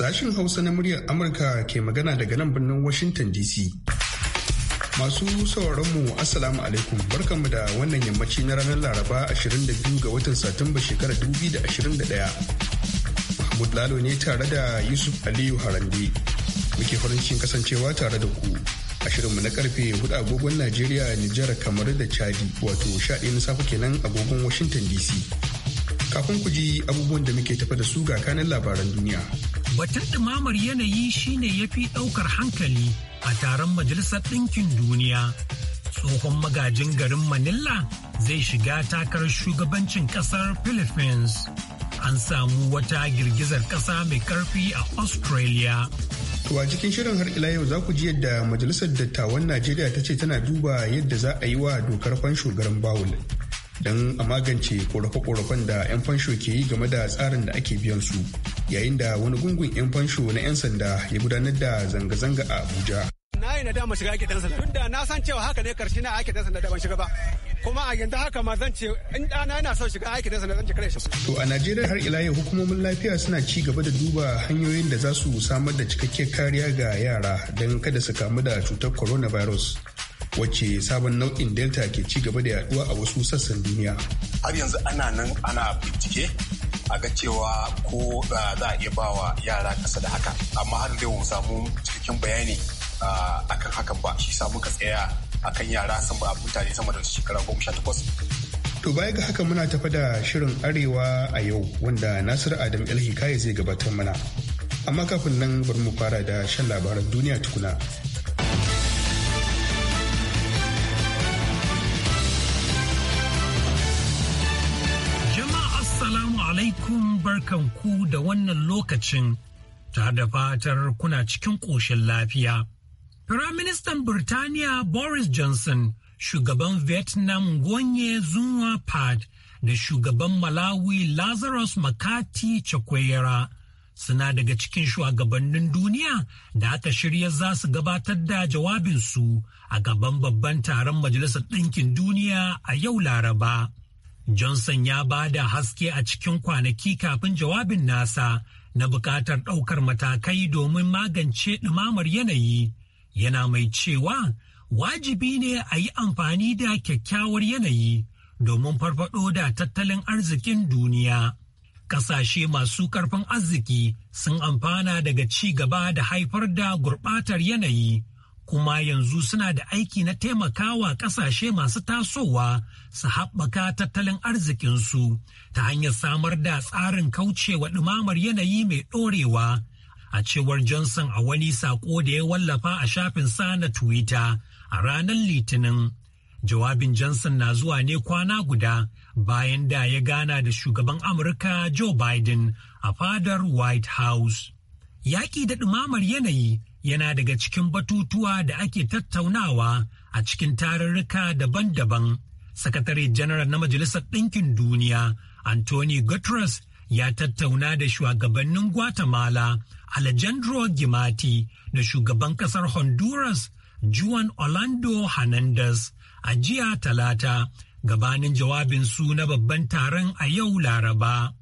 Sashen Hausa na muryar Amurka ke magana daga nan birnin Washington DC. Masu sauraronmu Assalamu alaikum barkanmu da wannan yammaci na ranar Laraba 22 ga watan Satumba shekarar 2021. Mahmud Lalo ne tare da Yusuf Aliyu Harande. Muke farin cikin kasancewa tare da ku. Ashirinmu na karfe hudu agogon Najeriya, Nijar, kamar da Chadi wato 11 na safe kenan agogon Washington DC. Kafin ku ji abubuwan da muke tafa da su ga kanin labaran duniya. Batun dumamar yanayi shine ya fi ɗaukar hankali a taron Majalisar Ɗinkin Duniya. Tsohon magajin garin Manila zai shiga takarar shugabancin ƙasar Philippines. An samu wata girgizar ƙasa mai ƙarfi a Australia. To a cikin shirin har ila yau za ku ji yadda Majalisar Dattawan Najeriya ta ce tana duba yadda za a yi wa dokar kwan garin Bawul. don a magance korafe-korafen da 'yan fansho ke yi game da tsarin da ake biyan su yayin da wani gungun 'yan fansho na 'yan sanda ya gudanar da zanga-zanga a abuja na yi na dama shiga ake dan sanda da na san cewa haka ne karshe na ake sanda na ban shiga ba kuma a yanzu haka ma zan ce in ɗana yana son shiga aikin sanda zan ce kare shi. To a Najeriya har ila yau hukumomin lafiya suna ci gaba da duba hanyoyin da za su samar da cikakke kariya ga yara don kada su kamu da cutar coronavirus. wacce sabon nau'in delta ke ci gaba da yaduwa a wasu sassan duniya har yanzu ana nan ana bincike a ga cewa ko uh, za a iya ba wa yara kasa da haka amma har da mu samu cikakken bayani uh, akan hakan ba shi samu muka tsaya akan yara sama mutane sama da shekara goma sha takwas To baya ga haka muna tafa da shirin Arewa a yau wanda Nasiru Adam Hikaya zai gabatar mana. Amma kafin nan bari mu fara da shan labaran duniya tukuna. barkan ku da wannan lokacin ta da fatar kuna cikin ƙoshin lafiya. Firaministan Birtaniya Boris Johnson, shugaban Vietnam Gwonye Zunwa Pad da shugaban Malawi Lazarus Makati Chakwera suna daga cikin shugabannin duniya da aka shirya za su gabatar da jawabinsu a gaban babban taron Majalisar Ɗinkin Duniya a yau Laraba. Johnson ya ba da haske a cikin kwanaki kafin jawabin nasa na bukatar ɗaukar matakai domin magance ɗumamar yanayi. Yana mai cewa wajibi ne a yi amfani da kyakkyawar yanayi domin farfaɗo da tattalin arzikin duniya. Ƙasashe masu karfin arziki sun amfana daga ci gaba da haifar da gurɓatar yanayi kuma yanzu suna da aiki na taimakawa kasashe masu tasowa su haɓaka tattalin arzikinsu ta hanyar samar da tsarin kaucewa ɗumamar yanayi mai ɗorewa a cewar johnson a wani saƙo da ya wallafa a shafin sa na twitter a ranar litinin jawabin johnson na zuwa ne kwana guda bayan da ya gana da shugaban amurka joe biden a fadar white house yaƙi da ɗumamar yanayi yana daga cikin batutuwa da ake tattaunawa a cikin tarurruka daban-daban. Sakatare Janar na Majalisar Ɗinkin Duniya, Anthony Guterres ya tattauna da shugabannin Guatemala, Alejandro Gimati da shugaban ƙasar Honduras, Juan Orlando Hernandez a jiya talata gabanin jawabinsu na babban taron a yau Laraba.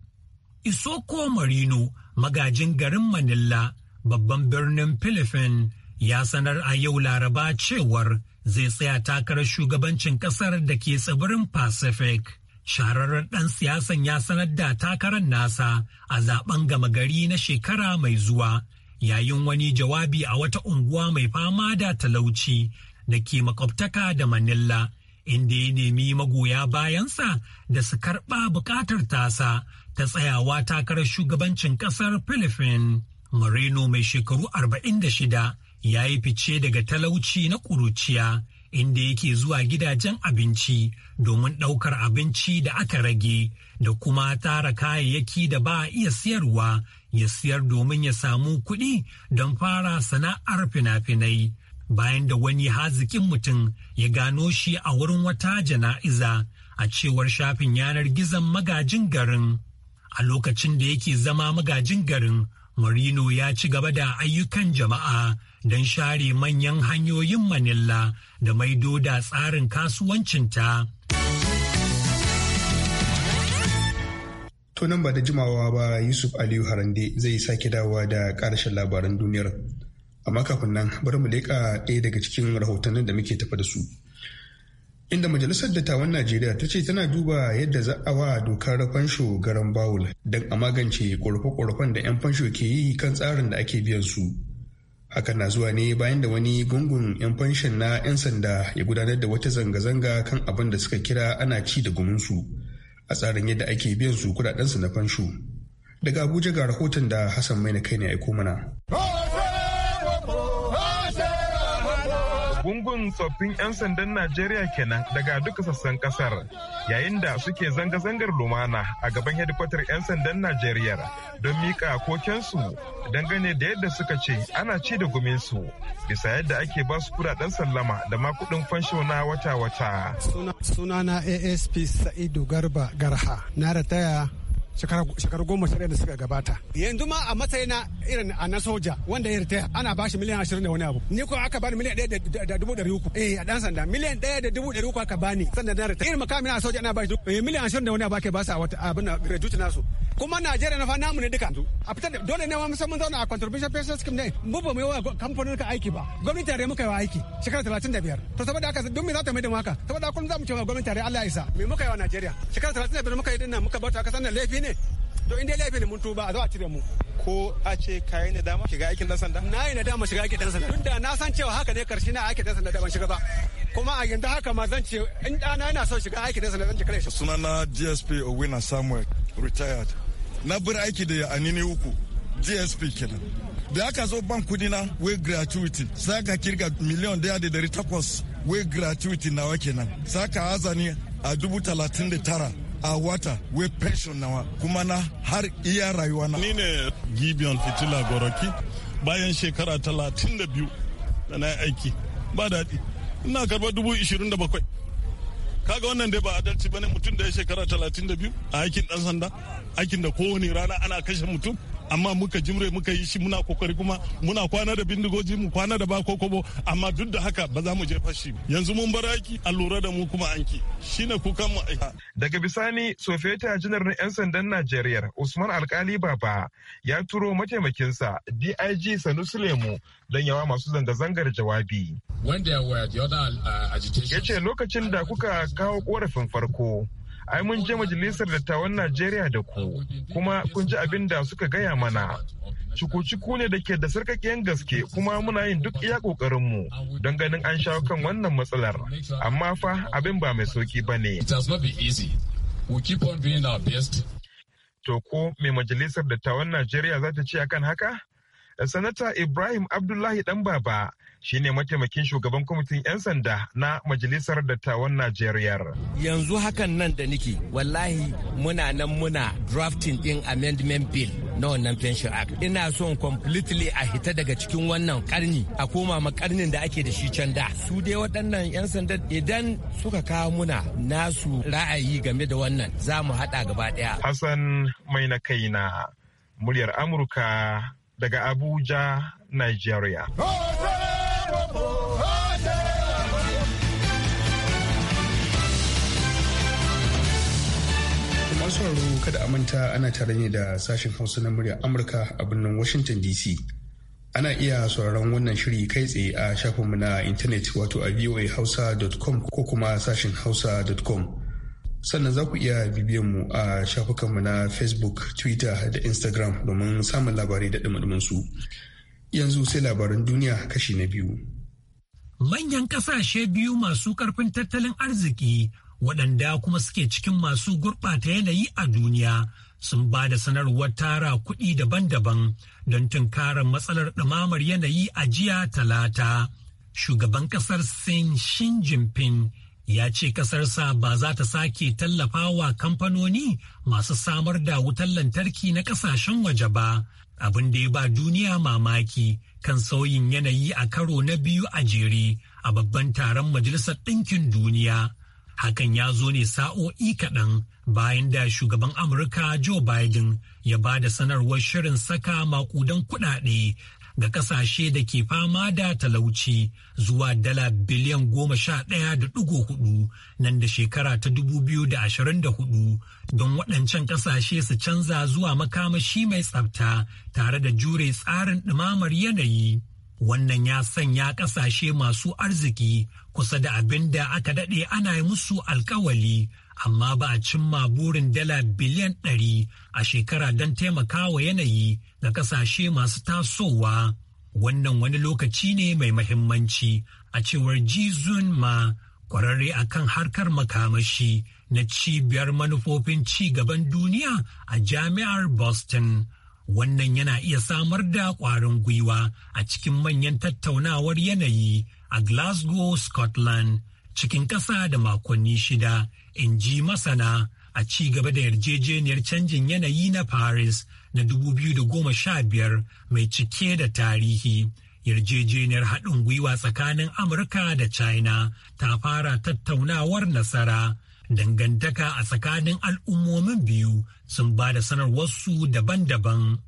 Isoko Marino, magajin garin Manila, babban birnin Filifin, ya sanar a yau Laraba cewar zai tsaya takarar shugabancin kasar da ke tsibirin Pacific. Shahararren ɗan siyasan ya sanar da takarar nasa a zaben gama gari na shekara mai zuwa, yayin wani jawabi a wata unguwa mai fama da talauci da ke makwabtaka da Manila. inda ya nemi magoya bayansa da su karɓa buƙatar tasa ta tsayawa takarar shugabancin ƙasar Philippines. Moreno mai shekaru 46 ya yi fice daga talauci na ƙuruciya inda yake zuwa gidajen abinci domin ɗaukar abinci da aka rage da kuma tara kayayyaki da ba a iya siyarwa ya siyar domin ya samu kuɗi don fara sana'ar fina-finai. Bayan da wani haziƙin mutum ya gano shi a wurin wata jana'iza a cewar shafin yanar gizon magajin garin. A lokacin da yake zama magajin garin Marino ya ci gaba da ayyukan jama'a don share manyan hanyoyin Manila da maido da tsarin kasuwancinta. Tunan ba da jimawa ba Yusuf Aliyu Harande zai sake dawowa da ƙarshen labaran duniyar. Amma kafin nan bari mu leƙa ɗaya daga cikin rahotannin da muke tafa da su. inda majalisar dattawan najeriya ta ce tana duba yadda za a wa dokar fansho garan bawul don a magance ƙorafe-ƙorafen da 'yan fansho ke yi kan tsarin da ake biyan su hakan na zuwa ne bayan da wani gungun 'yan fanshon na 'yan sanda ya gudanar da wata zanga-zanga kan abin da suka kira ana ci da gumin su a tsarin yadda ake biyan su kudadensu na fansho daga abuja ga rahoton da hassan mai na kai ne aiko mana. Gungun tsoffin 'yan sandan Najeriya kenan daga duka sassan kasar yayin da suke zanga-zangar lumana a gaban hedikwatar 'yan sandan Najeriya don mika kokensu dangane da yadda suka ce ana ci da guminsu bisa yadda ake ba su kudaden sallama da ma kudin fanshona na wata-wata. Sunana ASP Sa'idu Garba Garha na rataya shekaru goma sha da suka gabata yanzu ma a matsayina irin a na soja wanda ya ritaya ana bashi miliyan ashirin da wani abu ni ko aka bani miliyan ɗaya da dubu ɗari uku eh a ɗan sanda miliyan ɗaya da dubu ɗari uku aka bani sanda na ritaya irin makamina a soja ana bashi eh, miliyan ashirin da wani abu ake basa a wata abin na rejuta nasu kuma Najeriya na fa namu ne duka a fitar da dole ne ma musamman zauna a contribution pension scheme ne mu ba mu yi wa kamfanin ka aiki ba gwamnati tare muka yi wa aiki shekara talatin da biyar to saboda haka don me za ta mai da maka saboda kullum za mu ce wa gwamnati tare Allah ya isa me muka yi wa Najeriya shekara talatin da biyar muka yi dinnan muka bauta kasan nan laifi ne ne to inda ya laifi ne mun tuba a zo a cire mu ko a ce kayi na dama shiga aikin dan sanda na yi na dama shiga aikin dan sanda tunda na san cewa haka ne karshe na aikin dan sanda da ban shiga ba kuma a yanzu haka ma zan ce in ɗana yana son shiga aikin dan sanda zan ce kare shi na dsp owina samuel retired na bar aiki da ne uku dsp kenan da aka zo ban kudi na wai gratuity sai ka kirga miliyan daya da dari takwas wai gratuity nawa kenan sai ka azani a dubu talatin da tara a wata we pension nawa kuma na har iya rayuwa na. Ni ne Gibeon Fitila Goroki bayan shekara talatin da biyu da na aiki ba daɗi. Ina karɓar dubu ishirin da bakwai. Kaga wannan dai ba adalci bane mutum da ya shekara talatin da biyu a aikin ɗan sanda aikin da kowane rana ana kashe mutum amma muka jimre muka yi shi muna kokari kuma muna kwana da bindigoji mu kwana da kobo amma duk da haka ba za mu je fashi yanzu mun bar aiki a lura da mu kuma anki shine kukan mu aika daga bisani sofeta janar na yan sandan Najeriya Usman Alkali Baba ya turo mataimakinsa DIG Sanusi Lemu don yawa masu zanga-zangar jawabi. Uh, ya ce lokacin da kuka kawo korafin farko ai mun je majalisar dattawan najeriya da ku kuma kun ji abin da suka gaya mana cuku ne da ke da sarkakiyar gaske kuma muna yin duk iya mu don ganin an shawo kan wannan matsalar amma fa abin ba mai sauki ba ne to ko mai majalisar dattawan najeriya za ta ce akan haka sanata ibrahim abdullahi dan baba shine mataimakin shugaban kwamitin 'yan sanda na majalisar dattawan Najeriya. Yanzu hakan nan da niki wallahi muna nan muna drafting din amendment bill na wannan pension act. Ina son completely a hita daga cikin wannan karni a koma ma karnin da ake da shi can da. Su dai waɗannan 'yan sanda idan suka kawo muna nasu ra'ayi game da wannan za mu haɗa gaba ɗaya. Hassan mai na kai na muryar Amurka daga Abuja, Nigeria. masu sauraro kada a manta ana tare ne da sashen hausa na murya amurka a birnin washington dc ana iya sauraron wannan shiri kai tsaye a shafinmu na intanet wato a voahausa.com ko kuma sashen hausa.com sannan za ku iya bibiyan mu a shafukanmu na facebook twitter da instagram domin samun labarai da dumadumin su yanzu sai labaran duniya kashi na biyu manyan kasashe biyu masu karfin tattalin arziki waɗanda kuma suke cikin masu gurɓata yanayi a duniya sun ba da sanarwar tara kuɗi daban-daban don tunkarar matsalar ɗumamar yanayi a jiya talata. Shugaban ƙasar Sin Shin Jinping ya ce ƙasarsa ba za ta sake tallafawa kamfanoni masu samar da wutar lantarki na ƙasashen waje ba, abin da ya ba duniya mamaki kan sauyin yanayi a karo na biyu a jere a babban taron Majalisar Ɗinkin Duniya. Hakan ya zo ne sa'o'i kaɗan bayan da shugaban Amurka Joe Biden ya ba da sanarwar shirin saka makudan kuɗaɗe ga ƙasashe da ke fama da talauci zuwa dala biliyan goma sha ɗaya da ɗigo hudu nan da shekara ta dubu biyu da ashirin da hudu don waɗancan ƙasashe su canza zuwa makamashi mai tsafta tare da jure tsarin ɗumamar yanayi. Wannan ya sanya ƙasashe masu arziki kusa da abin da aka daɗe ana yi musu alkawali, amma ba a cimma burin dala biliyan ɗari a shekara don taimakawa yanayi ga ƙasashe masu tasowa. Wannan wani lokaci ne mai mahimmanci a cewar Jizun ma kwararre a harkar makamashi na cibiyar manufofin ci gaban duniya a jami'ar Boston. Wannan yana iya samar da ƙwarin gwiwa a cikin manyan tattaunawar yanayi a Glasgow, Scotland, cikin ƙasa da makonni shida, in ji masana a ci gaba da yarjejeniyar canjin yanayi na Paris na 2015 mai cike da tarihi. yarjejeniyar haɗin gwiwa tsakanin amurka da china ta fara tattaunawar nasara dangantaka a tsakanin al'ummomin biyu sun ba da sanarwarsu daban-daban.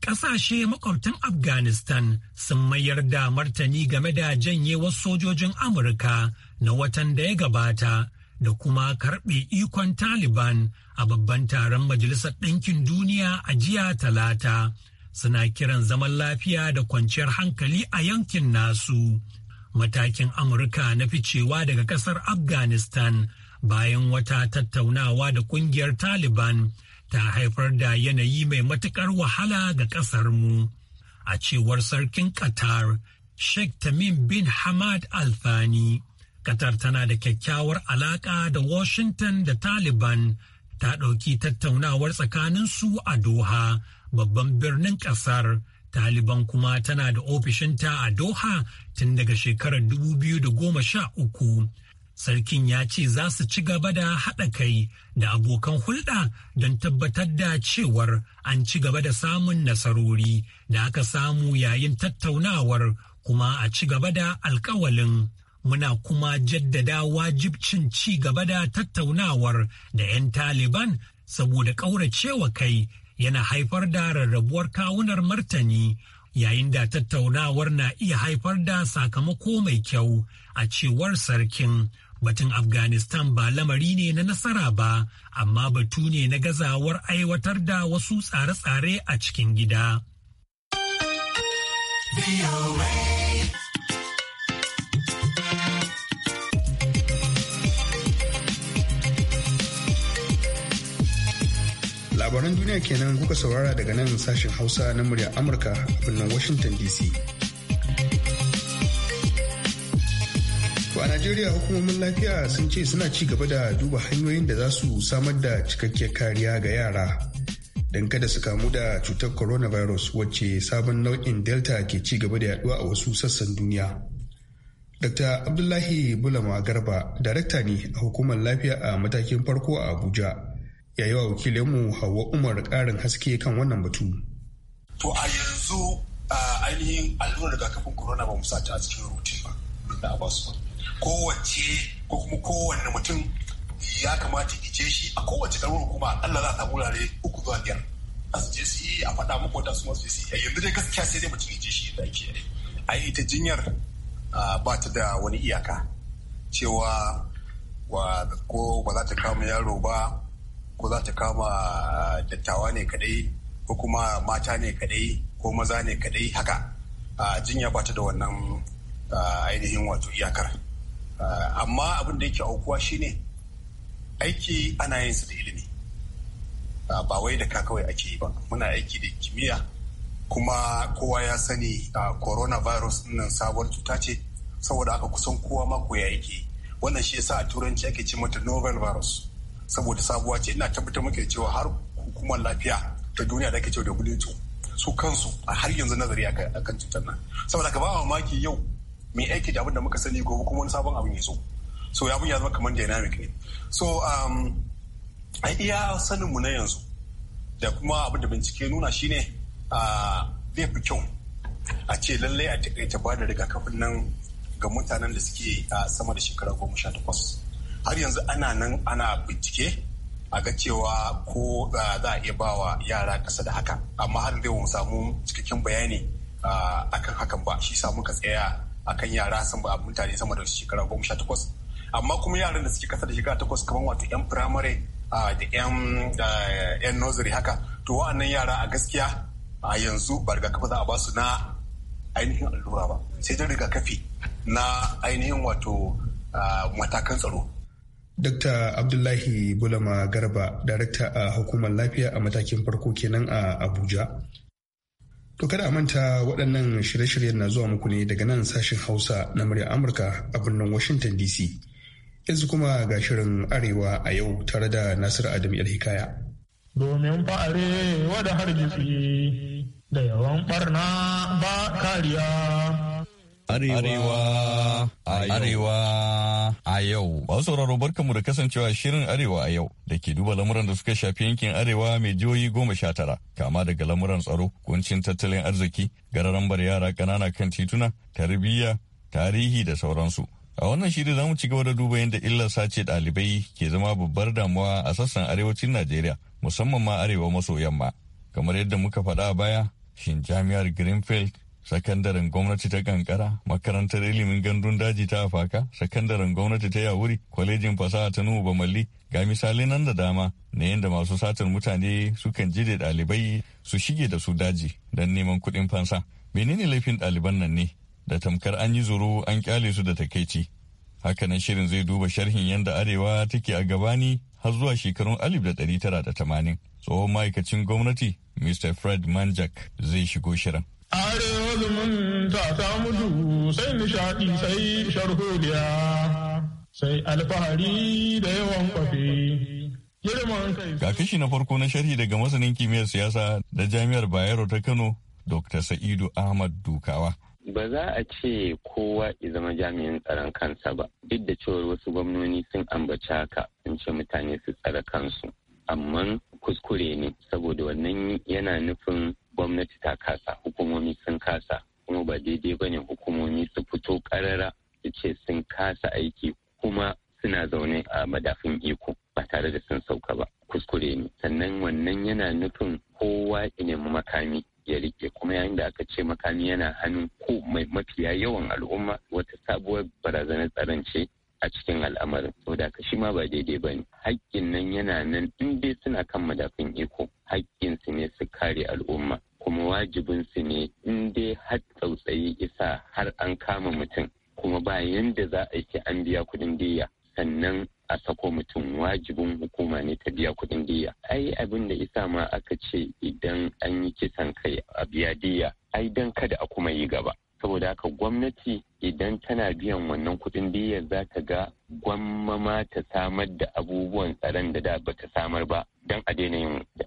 Ƙasashe makwabtan Afghanistan sun mayar da martani game da janyewar sojojin Amurka na watan da ya gabata da kuma karɓe ikon Taliban a babban taron Majalisar Ɗinkin Duniya a jiya talata. Suna kiran zaman lafiya da kwanciyar hankali a yankin nasu. Matakin Amurka na ficewa daga ƙasar Afghanistan bayan wata tattaunawa da kungiyar Taliban ta haifar da yanayi mai matukar wahala ga ƙasar mu. A cewar sarkin Qatar, Sheikh Tamim bin Hamad Al Thani. Qatar tana da kyakkyawar alaka da Washington da Taliban ta ɗauki tattaunawar tsakaninsu a Doha, babban birnin ƙasar. Taliban kuma tana da ofishinta a Doha tun daga shekarar 2013. sarkin ya ce za su ci gaba da haɗa kai da abokan hulɗa don tabbatar da cewar an ci gaba da samun nasarori da aka samu yayin tattaunawar kuma a ci gaba da alkawalin muna kuma jaddada wajibcin ci gaba da tattaunawar da 'yan taliban saboda ƙauracewa kai yana haifar da rarrabuwar kawunar martani yayin da tattaunawar na iya haifar da sakamako mai kyau a cewar sarkin Batun Afghanistan ba lamari ne na nasara ba, amma batu ne na gazawar aiwatar da wasu tsare-tsare a cikin gida. Labaran duniya kenan kuka saurara daga nan sashen Hausa na murya Amurka a birnin Washington DC. To a Najeriya hukumomin lafiya sun ce suna ci gaba da duba hanyoyin da za su samar da cikakkiyar kariya ga yara dan kada su kamu da cutar coronavirus wacce sabon nau'in delta ke ci gaba da yaduwa a wasu sassan duniya. Dr. Abdullahi Bulama Garba, darakta ne a hukumar lafiya a matakin farko a Abuja, ya yi wa wakilinmu Hauwa Umar karin haske kan wannan batu. To a yanzu ainihin allurar rigakafin corona ba mu a cikin rutin ba, da ba. kowace ko kuma kowanne mutum ya kamata je shi a kowace karuwar hukuma Allah za a samu wurare uku zuwa biyar a su je su yi a faɗa muku wata su masu yi yanzu dai gaskiya sai dai mutum je shi ake a yi ita jinyar ba ta da wani iyaka cewa ko ba za ta kama yaro ba ko za ta kama dattawa ne kadai ko kuma mata ne kadai ko maza ne kadai haka jinya ba ta da wannan ainihin wato iyakar Eh, amma abin da yake aukuwa shine aiki ana yin su da ilimi eh, ba wai da ka kawai ake yi ba muna aiki da kimiyya kuma kowa ya sani eh, coronavirus nan sabuwar cuta ce saboda aka kusan kowa mako ya yake wannan shi yasa a turanci ake ce mata novel virus saboda sabuwa ce ina tabbatar muke cewa har hukumar lafiya ta duniya da ake cewa da su kansu a har yanzu nazari akan cutar nan saboda ka ba mamaki yau mu yi aiki da abin da muka sani gobe kuma wani sabon abin ya zo so abin ya zama kamar dynamic ne so um, a iya sanin mu na yanzu da kuma abin da bincike nuna shine zai fi kyau a ce lallai a takaita ba da rigakafin nan ga mutanen da suke sama da shekara goma sha takwas har yanzu ana nan ana bincike a ga cewa ko za a iya ba wa yara ƙasa da haka amma har zai mu samu cikakken bayani akan hakan ba shi samu ka tsaya akan yara sun ba mutane sama da shekara goma sha takwas amma kuma yaran da suke kasa da shekara takwas kamar wato yan firamare da yan nursery haka to wa'annan yara a gaskiya a yanzu ba rigakafi za a ba su na ainihin allura ba sai dai rigakafi na ainihin wato matakan tsaro Dr. Abdullahi Bulama Garba, Darakta a Hukumar Lafiya a matakin farko kenan a Abuja. To kada a manta waɗannan shirye-shiryen na zuwa muku ne daga nan sashen Hausa na muryar Amurka a birnin Washington DC. Yanzu kuma ga shirin Arewa a yau tare da Nasiru Adam hikaya. Domin fa'are da hargitsi da yawan barna ba kariya. Arewa Arewa a yau. Ba sauraro barkanmu da kasancewa shirin Arewa a yau da ke duba lamuran da suka shafi yankin Arewa mai jihohi goma sha tara kama daga lamuran tsaro, kuncin tattalin arziki, gararan bar yara ƙanana kan tituna, tarbiyya, tarihi da sauransu. A wannan shiri za mu ci gaba da duba yadda illar sace ɗalibai ke zama babbar damuwa a sassan arewacin Najeriya musamman ma arewa maso yamma. Kamar yadda muka faɗa a baya, shin jami'ar Greenfield sakandaren gwamnati ta kankara makarantar ilimin gandun daji ta afaka sakandaren gwamnati ta yawuri kwalejin fasaha ta nuhu bamalli ga misali nan da dama na yadda masu satar mutane sukan jide ɗalibai su shige da su daji don neman kuɗin fansa menene laifin ɗaliban nan ne da tamkar an yi zoro an kyale su da takaici hakanan shirin zai duba sharhin yadda arewa take a gabani har zuwa shekarun alif da da tara tamanin tsohon ma'aikacin gwamnati mr fred manjak zai shigo shirin are zumunta ta mutu sai nishaɗi sai sharholiya sai alfahari da yawan kwafi. Ga kashi na farko na sharhi daga masanin kimiyyar siyasa da jami'ar Bayero ta Kano, Dr. Sa'idu Ahmad Dukawa. Ba za a ce kowa ya zama jami'in tsaron kansa ba, duk da cewar wasu gwamnoni sun ambaci haka sun ce mutane su tsare kansu. Amma kuskure ne, saboda wannan yana nufin gwamnati ta kasa hukumomi sun kasa kuma ba daidai ba ne hukumomi su fito karara su ce sun kasa aiki kuma suna zaune a madafin iko ba tare da sun sauka ba kuskure ne sannan wannan yana nufin kowa nemi makami ya rike kuma yayin da aka ce makami yana hannun ko mai mafiya yawan al'umma wata sabuwar barazanar tsaron ce a cikin al'amarin da ka shi ma ba daidai ba ne haƙƙin nan yana nan in dai suna kan madafin iko su ne su kare al'umma kuma wajibin su ne in dai har tsautsayi isa har an kama mutum kuma ba yanda za a ce an biya kuɗin diya sannan a sako mutum wajibin hukuma ne ta biya kuɗin diya ai abin da isa ma aka ce idan an yi kisan kai a biya diya ai dan kada a kuma yi gaba saboda haka gwamnati idan tana biyan wannan kudin diyyar za ta ga gwamma ta samar da abubuwan tsaron da da ba ta samar ba don a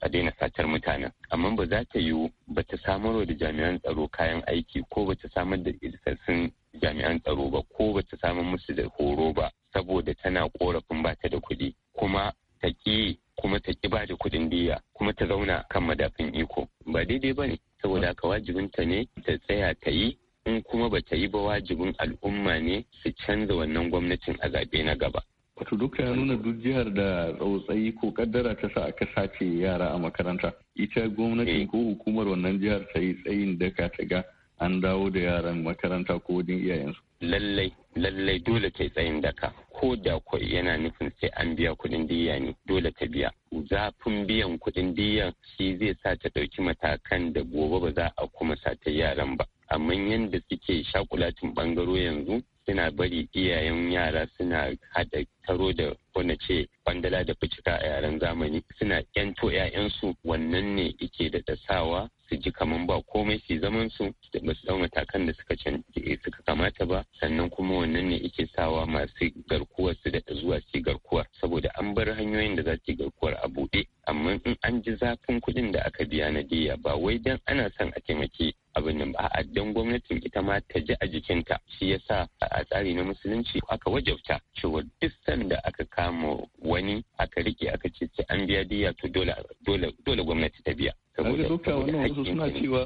daina satar mutanen amma ba za ta yiwu ba ta samar da jami'an tsaro kayan aiki ko ba ta samar da isassun jami'an tsaro ba ko ba ta samar musu da horo ba saboda tana korafin ba ta da kuɗi kuma ta ƙi kuma ta ki ba da kuɗin diya kuma ta zauna kan madafin iko ba daidai ba ne saboda haka wajibinta ne ta tsaya ta yi in kuma ba ta yi ba wajibin al'umma ne su canza wannan gwamnatin a zaɓe na gaba. Wato duk ya nuna duk jihar da tsautsayi ko kaddara ta sa aka sace yara a makaranta. Ita gwamnatin eh. ko hukumar wannan jihar ta yi tsayin daka ta ga an dawo da yaran makaranta ko wajen iyayensu. Lallai, lallai dole ta yi tsayin daka. Ko da kwai yana nufin sai an biya kuɗin diya ne, dole ta biya. Zafin biyan kuɗin diya shi zai sa ta ɗauki matakan da gobe ba za a kuma sata yaran ba. amma yadda suke shakulatin bangaro yanzu suna bari iyayen yara suna hada taro da wanda ce bandala da ficika a yaren zamani suna yanto 'ya'yansu wannan ne ike da dasawa su ji kaman ba komai su zaman su da ba su dau matakan da suka eh, suka kamata ba sannan kuma wannan ne ike sawa masu garkuwar su da zuwa su garkuwar saboda an bar hanyoyin da za su garkuwar a buɗe amma in an ji zafin kuɗin da aka biya na diya ba wai dan ana son a taimake. abin nan ba a dan gwamnatin ita ma ta ji a jikinta shi yasa a tsari na musulunci aka wajabta cewa duk sanda aka kama wani aka rike aka ce an biya diya to dole dole dole gwamnati ta biya saboda wannan wasu suna cewa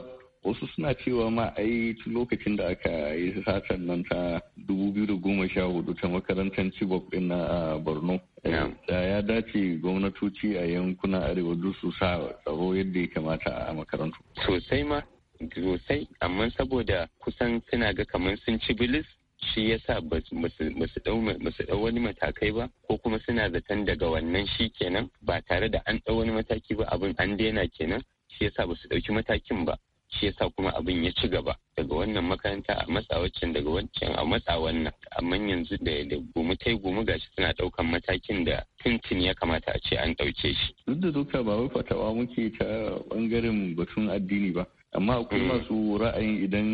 wasu ma a yi lokacin da aka yi satan nan ta 2014 ta makarantar cibok din na borno eh, da ya dace gwamnatoci a yankunan arewa dusu su sa tsaro yadda ya kamata a makarantu sosai ma sosai amma saboda kusan suna ga kamar sun ci bilis shi yasa ba su ɗau wani matakai ba ko kuma suna zaton daga wannan shi kenan ba tare da an ɗau wani mataki ba abin an daina kenan shi yasa ba su ɗauki matakin ba shi yasa kuma abin ya ci gaba daga wannan makaranta a matsa waccan daga wancan a matsa wannan amma yanzu da da gumu tai gumu gashi suna daukan matakin da tuntun ya kamata a ce an dauke shi duk da duka ba wai fatawa muke ta bangaren batun addini ba amma akwai mm. masu ra'ayin idan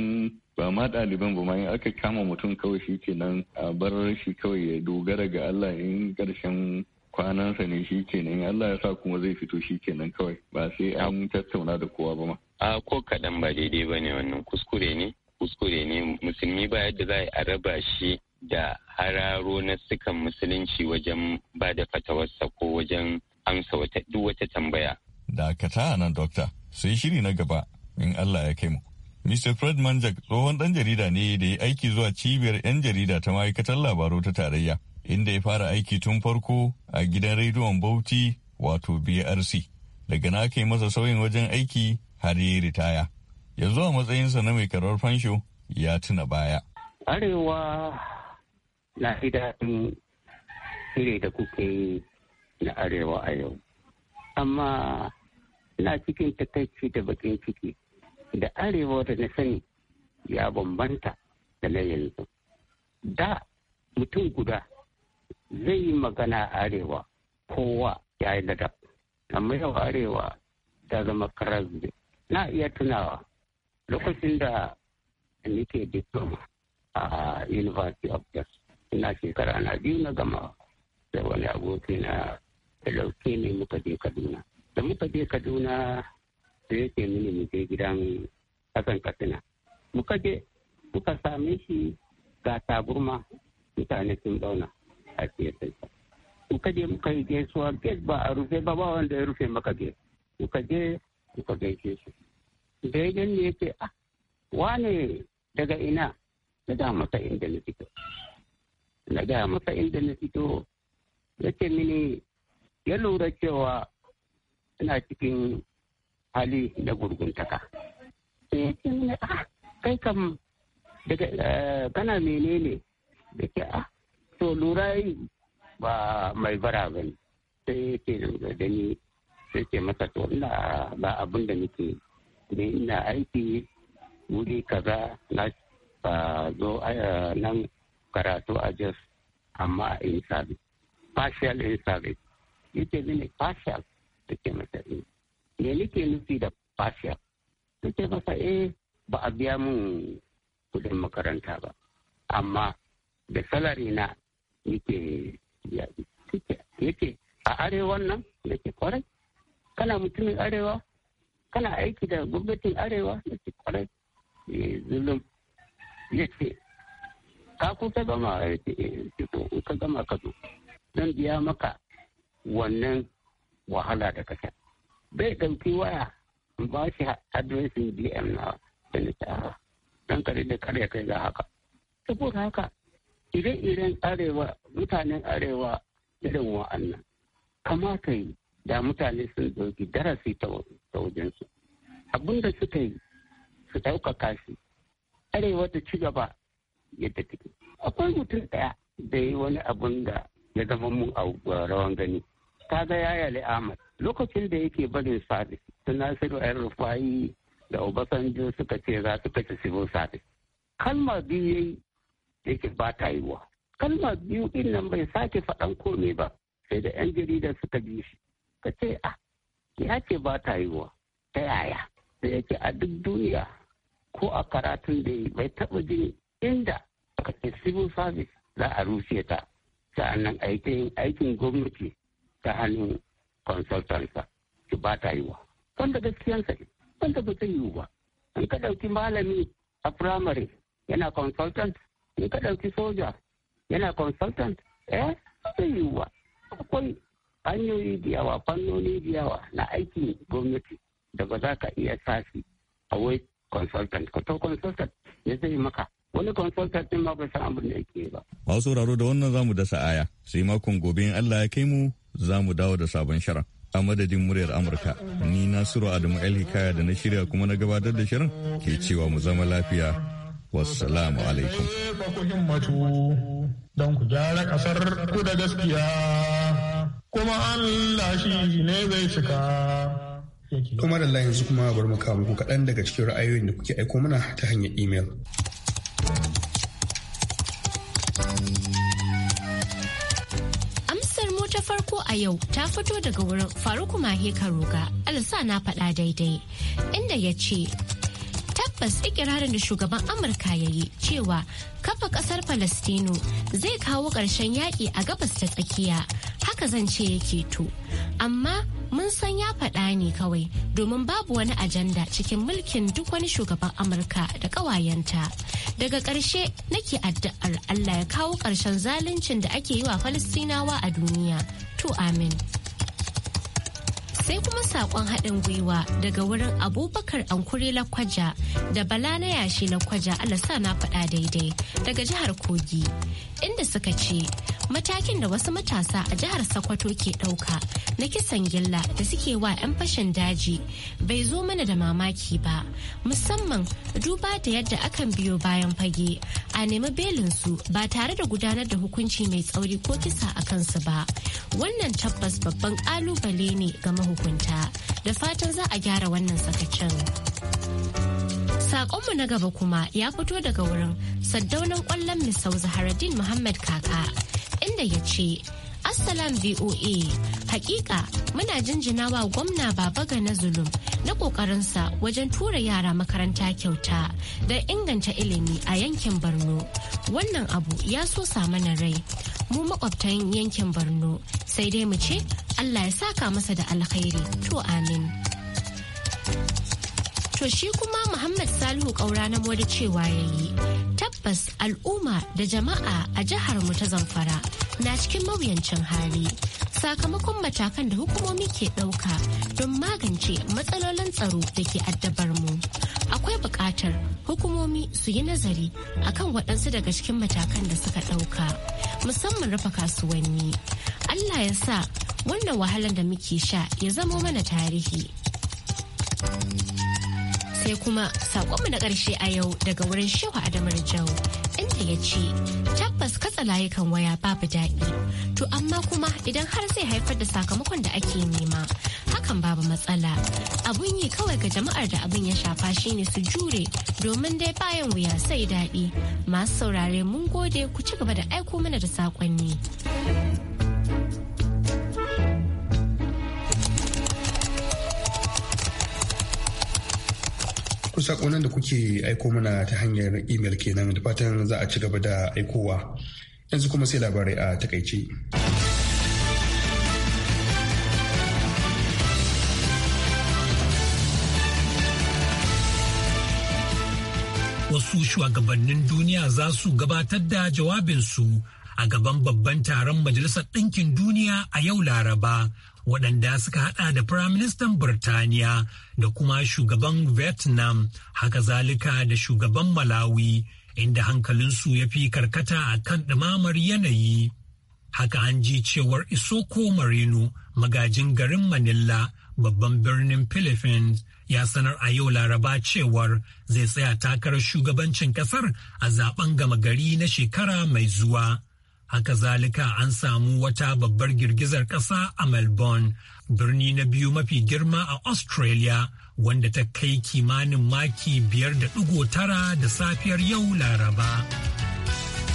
ba ma ɗaliban ba ma in aka kama mutum kawai shi ke nan a bar shi kawai ya dogara ga Allah in ƙarshen kwanansa ne shi ke nan Allah ya sa kuma zai fito shi ke nan kawai ba sai an tattauna da kowa ba ma. A ko kaɗan ba daidai ba ne wannan kuskure ne kuskure ne musulmi ba yadda za a raba shi da hararo na sukan musulunci wajen ba da fatawarsa ko wajen amsa wata duk wata tambaya. Dakata nan dokta sai shiri na gaba in Allah ya kai mu. Mr. Fred Manjak tsohon ɗan jarida ne da ya aiki zuwa cibiyar 'yan jarida ta ma'aikatar labaru ta tarayya, inda ya fara aiki tun farko a gidan rediyon Bauchi wato BRC. Daga na kai masa sauyin wajen aiki har ya ritaya. Yanzu a matsayinsa na mai karar fansho ya tuna baya. Arewa na fi daɗin shirye da kuke na Arewa a yau. Amma na cikin takaici da bakin ciki. da arewa da na sani ya bambanta da na yanzu da mutum guda zai yi magana arewa kowa ya yi ladab amma yau arewa ta zama karazi. na iya tunawa lokacin da nike diploma a university of jos ina shekara na biyu na gama da wani aboki da lauke ne muka je kaduna da muka je kaduna da yake mini mu je gidan kasan katina muka je muka same shi ga taburma mutane sun dauna a siyasarsa muka je muka yi gaisuwa gate ba a rufe ba ba wanda ya rufe maka gate muka je muka gaishe shi da ya gani ya ce ah wane daga ina na da masa inda na fito na da masa inda na fito ya ce mini ya lura cewa ina cikin hali na gurguntaka eh, kai kam daga eh, kana menene da ke a. Ah, to lura yi ba mai bara ba ne sai yake da ni sai ke masa to ina ba abin da nake ne ina aiki wuri kaza na zo eh, nan karatu a jos amma in sabi partial in sabi yake ne partial da ke masa in me nake nufi da fasiya ta ce masa eh ba a biya min kudin makaranta ba amma da salari na yake yake a arewan nan yake kwarai kana mutumin arewa kana aiki da gwamnatin arewa yake kwarai zulum ya ce ka kusa gama ya ce eh, ka gama ka zo zan biya maka wannan wahala da kasa bai ɗauki waya ba shi adresin dm na da don kare da kare kai ga haka saboda haka ire-iren arewa mutanen arewa irin wa'annan kamata yi da mutane sun ɗauki darasi ta wajensu abin da suka yi su ɗaukaka shi arewa ta ci gaba yadda take akwai mutum ɗaya da yi wani abun da ya zama mun a rawan gani ta ga yaya Ali Ahmad lokacin da yake barin sabis ta Nasiru ‘yan Rufayi da Obasanjo suka ce za su kashe civil sabis. Kalma biyu yayi yake ba ta wa Kalma biyu din nan bai sake faɗan komai ba sai da ‘yan jarida suka bi shi. Ka ce a ah, ya ce ba ta wa ta yaya. Da yake a duk duniya ko a karatun da yi bai taɓa jin inda aka ce civil service za a rushe ta sa'an nan aikin gwamnati ta hannun consultansa ki ba ta yi wa wanda gaskiyansa ne wanda ba zai yi ba in ka ɗauki malami a firamare yana consultant in ka ɗauki soja yana consultant eh ba zai yi wa. akwai hanyoyi da yawa fannoni da yawa na aikin gwamnati da ba za ka iya sashi a wai consultant ka to consultant ya zai maka wani consultancy ma ba sa da ke ba. Masu sauraro da wannan zamu dasa aya sai makon gobe in Allah ya kai mu zamu dawo da sabon shirin. A madadin muryar Amurka, ni Nasiru Adamu alhikaya Hikaya da na shirya kuma na gabatar da shirin ke cewa mu zama lafiya. Wassalamu alaikum. Don ku gyara kasar ku da gaskiya, kuma Allah shi ne zai cika. kuma da yanzu kuma bari mu kawo muku kaɗan daga cikin ra'ayoyin da kuke aiko mana ta hanyar imel. Amsar mota farko a yau ta fito daga wurin Faruku Mahe Karuga, alisa na faɗa daidai, inda ya ce tabbas ikirarin da shugaban amurka ya yi cewa kafa kasar palestino zai kawo ƙarshen yaƙi a gabas ta tsakiya haka zan ce yake to amma mun san ya faɗa ne kawai domin babu wani ajanda cikin mulkin duk wani shugaban amurka da ƙawayenta daga ƙarshe nake addu'ar allah ya kawo ƙarshen zaluncin da ake yi wa falastinawa a duniya to amin sai kuma saƙon haɗin gwiwa daga wurin abubakar ankure lakwaja da bala na yashi lakwaja alasa na faɗa daidai daga jihar kogi inda suka ce matakin da wasu matasa a jihar Sokoto ke ɗauka na kisan gilla da suke wa 'yan fashin daji bai zo mana da mamaki ba musamman duba da yadda akan biyo bayan fage a nemi su ba tare da gudanar da hukunci mai tsauri ko kisa a kansu ba wannan tabbas babban kalubale ne ga mahukunta da fatan za a gyara wannan sakacin. Sakonmu na gaba kuma ya fito daga wurin saddaunan kwallon Misau Zaharaddin Muhammad Kaka inda ya ce Assalam VOA. Hakika muna jinjina wa gwamna ga na Zulum na kokarinsa wajen tura yara makaranta kyauta don inganta ilimi a yankin Borno. Wannan abu ya so mana rai. Mu makwabtan yankin Borno sai dai mu ce Allah ya saka masa da alkhairi to amin. To shi kuma Muhammad Salihu Kaura na Modi cewa ya yi. Tabbas al'umma da jama'a a jihar mu ta Zamfara na cikin mawuyancin hali. Sakamakon matakan da hukumomi ke ɗauka don magance matsalolin tsaro da ke addabar mu. Akwai buƙatar hukumomi su yi nazari akan waɗansu daga cikin matakan da suka ɗauka, musamman rufe kasuwanni. Allah ya sa wannan wahalar da muke sha ya zamo mana tarihi. sai kuma sakonmu na ƙarshe a yau daga wurin shehu adamar Jau inda ya ce tabbas katsa layukan waya babu daɗi to amma kuma idan har zai haifar da sakamakon da ake nema hakan babu matsala abun yi kawai ga jama'ar da abin ya shafa shine su jure domin dai bayan wuya sai daɗi masu saurare mun gode ku ci gaba da aiko mana da saƙonni ku saƙonan da kuke aiko mana ta hanyar imel kenan da fatan za a ci gaba da aikowa yanzu kuma sai labarai a takaice. wasu shugabannin duniya za su gabatar da jawabinsu a gaban babban taron Majalisar Ɗinkin Duniya a yau Laraba, waɗanda suka haɗa da Firaministan Birtaniya da kuma shugaban Vietnam haka zalika da shugaban Malawi inda hankalinsu ya fi karkata a kan ɗumamar yanayi. Haka an ji cewar Isoko Marino magajin garin Manila babban birnin Philippines ya sanar a yau laraba cewar zai tsaya takarar shugabancin ƙasar a zaben gama gari na shekara mai zuwa. Haka zalika an samu wata babbar girgizar ƙasa a Melbourne, birni na biyu mafi girma a Australia, wanda ta kai kimanin maki biyar da ɗigo tara da safiyar yau Laraba.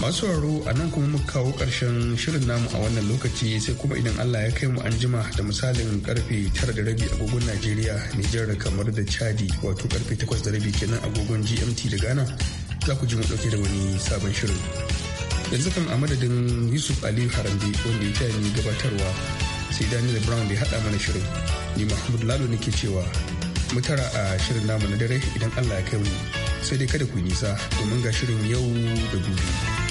Masu sauraro a nan kuma muka kawo ƙarshen shirin namu a wannan lokaci sai kuma idan Allah ya kai mu an jima da misalin karfe tara da rabi agogon Najeriya, Nijar kamar da Chadi wato karfe takwas da rabi kenan agogon GMT da Ghana za ku ji mu ɗauke da wani sabon shirin. yanzu kan a madadin yusuf ali harambe wanda ya ni gabatarwa sai daniel brown da ya haɗa mana shirin ni mahmud lalo nake cewa mutara a shirin namu na dare idan allah ya kai mu sai dai kada ku yi nisa domin ga shirin yau da gobe.